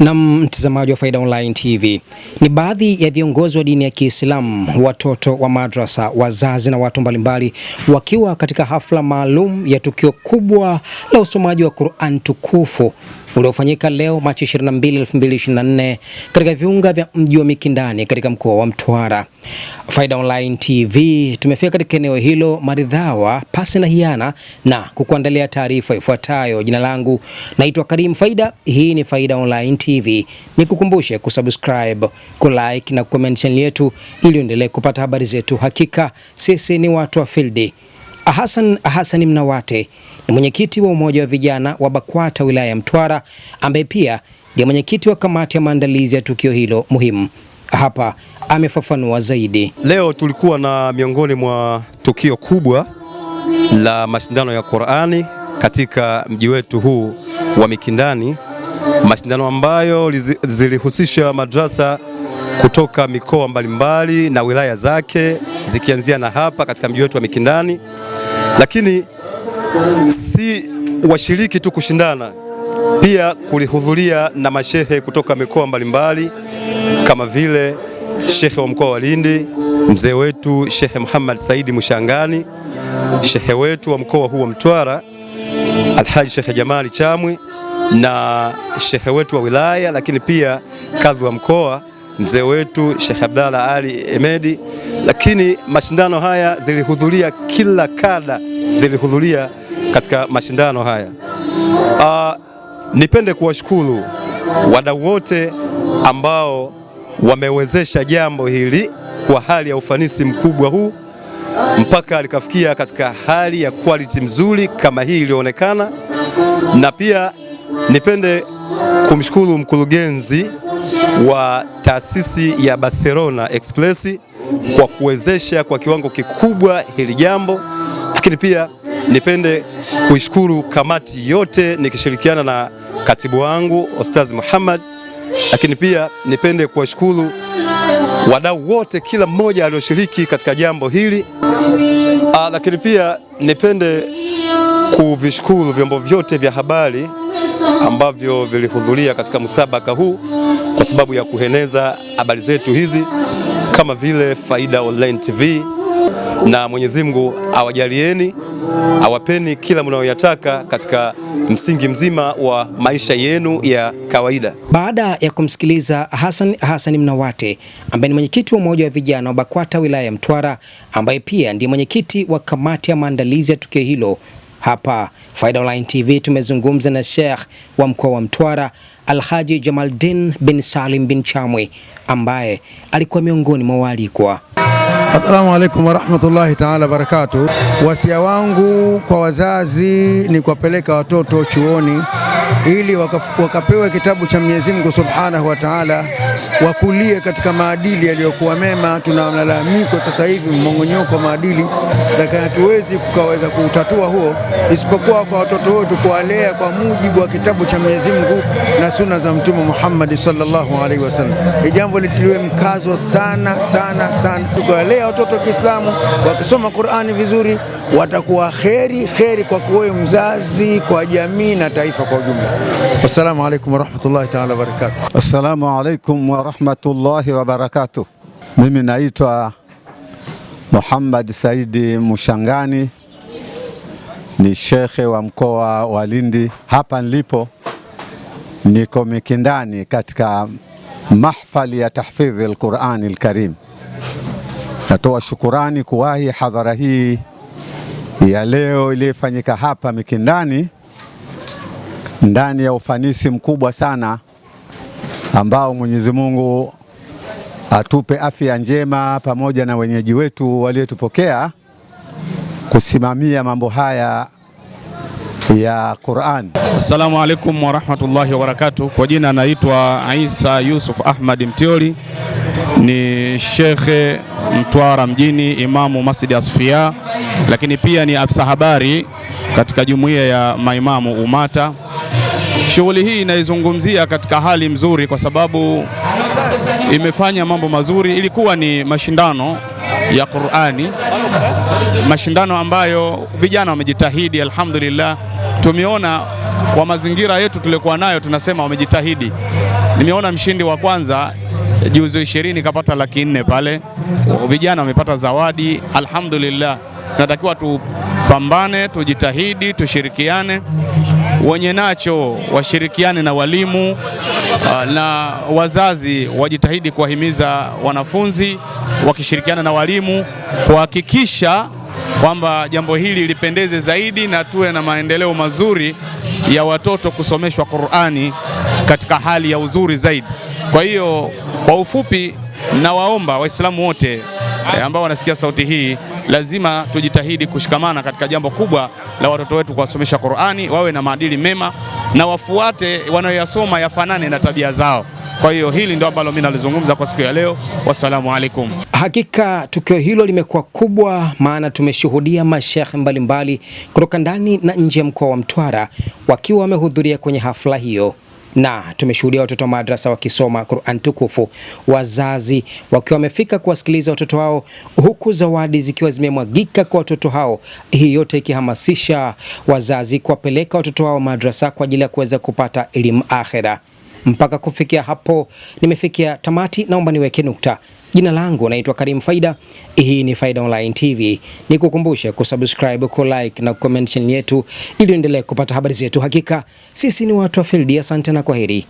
Na mtazamaji wa Faida Online TV, ni baadhi ya viongozi wa dini ya Kiislamu, watoto wa madrasa, wazazi na watu mbalimbali wakiwa katika hafla maalum ya tukio kubwa la usomaji wa Qur'an tukufu uliofanyika leo Machi 22, 2024 katika viunga vya mji wa Mikindani katika mkoa wa Mtwara. Faida Online TV tumefika katika eneo hilo maridhawa pasi na hiana na kukuandalia taarifa ifuatayo. Jina langu naitwa Karim Faida. Hii ni Faida Online TV. Nikukumbushe kusubscribe, kulike na kucomment channel yetu ili uendelee kupata habari zetu. Hakika sisi ni watu wa field. Hassan Hassan Mnawate ni mwenyekiti wa umoja wa vijana wa BAKWATA wilaya ya Mtwara ambaye pia ndiye mwenyekiti wa kamati ya maandalizi ya tukio hilo muhimu. Hapa amefafanua zaidi. Leo tulikuwa na miongoni mwa tukio kubwa la mashindano ya Qur'ani katika mji wetu huu wa Mikindani, mashindano ambayo zilihusisha madrasa kutoka mikoa mbalimbali na wilaya zake zikianzia na hapa katika mji wetu wa Mikindani, lakini si washiriki tu kushindana, pia kulihudhuria na mashehe kutoka mikoa mbalimbali kama vile shehe wa mkoa wa Lindi mzee wetu Shehe Muhammad Saidi Mushangani, shehe wetu wa mkoa huu wa Mtwara Alhaji Shehe Jamali Chamwi na shehe wetu wa wilaya, lakini pia kadhi wa mkoa mzee wetu Shehe Abdalla Ali Emedi. Lakini mashindano haya zilihudhuria, kila kada zilihudhuria katika mashindano haya. Uh, nipende kuwashukuru wadau wote ambao wamewezesha jambo hili kwa hali ya ufanisi mkubwa huu mpaka likafikia katika hali ya quality mzuri kama hii iliyoonekana, na pia nipende kumshukuru mkurugenzi wa taasisi ya Barcelona Express kwa kuwezesha kwa kiwango kikubwa hili jambo, lakini pia Nipende kuishukuru kamati yote nikishirikiana na katibu wangu Ostaz Muhammad, lakini pia nipende kuwashukuru wadau wote, kila mmoja alioshiriki katika jambo hili. A, ah, lakini pia nipende kuvishukuru vyombo vyote vya habari ambavyo vilihudhuria katika msabaka huu kwa sababu ya kueneza habari zetu hizi kama vile Faida Online TV na Mwenyezi Mungu awajalieni, awapeni kila mnayoyataka katika msingi mzima wa maisha yenu ya kawaida. Baada ya kumsikiliza Hassan Hassan Mnawate ambaye ni mwenyekiti wa umoja wa vijana wa BAKWATA wilaya ya Mtwara, ambaye pia ndiye mwenyekiti wa kamati ya maandalizi ya tukio hilo, hapa Faida Online TV tumezungumza na Sheikh wa mkoa wa Mtwara Alhaji Jamaldin bin Salim bin Chamwe ambaye alikuwa miongoni mwa waalikwa. Assalamu alaikum warahmatullahi taala wabarakatuh. Wasia wangu kwa wazazi ni kuwapeleka watoto chuoni ili wakapewe kitabu cha Mwenyezi Mungu Subhanahu wa Ta'ala, wakulie katika maadili yaliyokuwa mema. Tuna malalamiko sasa hivi, mmong'onyoko wa maadili, lakini hatuwezi kukaweza kuutatua huo, isipokuwa kwa watoto wetu kuwalea kwa mujibu wa kitabu cha Mwenyezi Mungu na suna za Mtume Muhammad sallallahu alaihi wasallam. Ni jambo litiliwe mkazo sana sana sana, tukiwalea watoto wa Kiislamu wakisoma Qur'ani vizuri, watakuwa kheri kheri kwa kuwe mzazi, kwa jamii na taifa kwa ujumla. Wassalamu alaikum warahmatullahi taala wabarakatuh. Assalamu alaikum warahmatullahi wabarakatuh. Mimi naitwa Muhammad Saidi Mushangani, ni shekhe wa mkoa wa Lindi. Hapa nilipo niko Mikindani katika mahfali ya tahfidhi al-Qur'ani al-Karim. Natoa shukurani kuwahi hadhara hii ya leo iliyofanyika hapa Mikindani ndani ya ufanisi mkubwa sana ambao Mwenyezi Mungu atupe afya njema pamoja na wenyeji wetu waliotupokea kusimamia mambo haya ya Qur'an. Assalamu alaikum warahmatullahi wabarakatuh. Kwa jina naitwa Isa Yusuf Ahmad Mtioli, ni shekhe Mtwara mjini, imamu Masjid Asfiya, lakini pia ni afisa habari katika jumuiya ya maimamu Umata. Shughuli hii inaizungumzia katika hali mzuri, kwa sababu imefanya mambo mazuri. Ilikuwa ni mashindano ya Qur'ani, mashindano ambayo vijana wamejitahidi. Alhamdulillah, tumeona kwa mazingira yetu tuliokuwa nayo, tunasema wamejitahidi. Nimeona mshindi wa kwanza juzo ishirini kapata laki nne pale, vijana wamepata zawadi. Alhamdulillah, natakiwa tupambane, tujitahidi, tushirikiane wenye nacho washirikiane na walimu uh, na wazazi wajitahidi kuwahimiza wanafunzi wakishirikiana na walimu kuhakikisha kwamba jambo hili lipendeze zaidi na tuwe na maendeleo mazuri ya watoto kusomeshwa Qur'ani katika hali ya uzuri zaidi. Kwa hiyo kwa ufupi, nawaomba Waislamu wote e, ambao wanasikia sauti hii, lazima tujitahidi kushikamana katika jambo kubwa la watoto wetu kuwasomesha Qur'ani, wawe na maadili mema na wafuate wanayoyasoma yafanane na tabia zao. Kwa hiyo hili ndio ambalo mimi nalizungumza kwa siku ya leo. Wassalamu alaikum. Hakika tukio hilo limekuwa kubwa, maana tumeshuhudia mashehe mbalimbali kutoka ndani na nje ya mkoa wa Mtwara wakiwa wamehudhuria kwenye hafla hiyo na tumeshuhudia watoto wa madrasa wakisoma Qur'an tukufu, wazazi wakiwa wamefika kuwasikiliza watoto hao, huku zawadi zikiwa zimemwagika kwa watoto hao, hii yote ikihamasisha wazazi kuwapeleka watoto wao madrasa kwa ajili ya kuweza kupata elimu akhera. Mpaka kufikia hapo nimefikia tamati, naomba niweke nukta. Jina langu naitwa Karim Faida, hii ni Faida Online TV. Nikukumbushe kusubscribe, ku like na comment channel yetu ili uendelee kupata habari zetu. Hakika sisi ni watu wa field. Asante na kwaheri.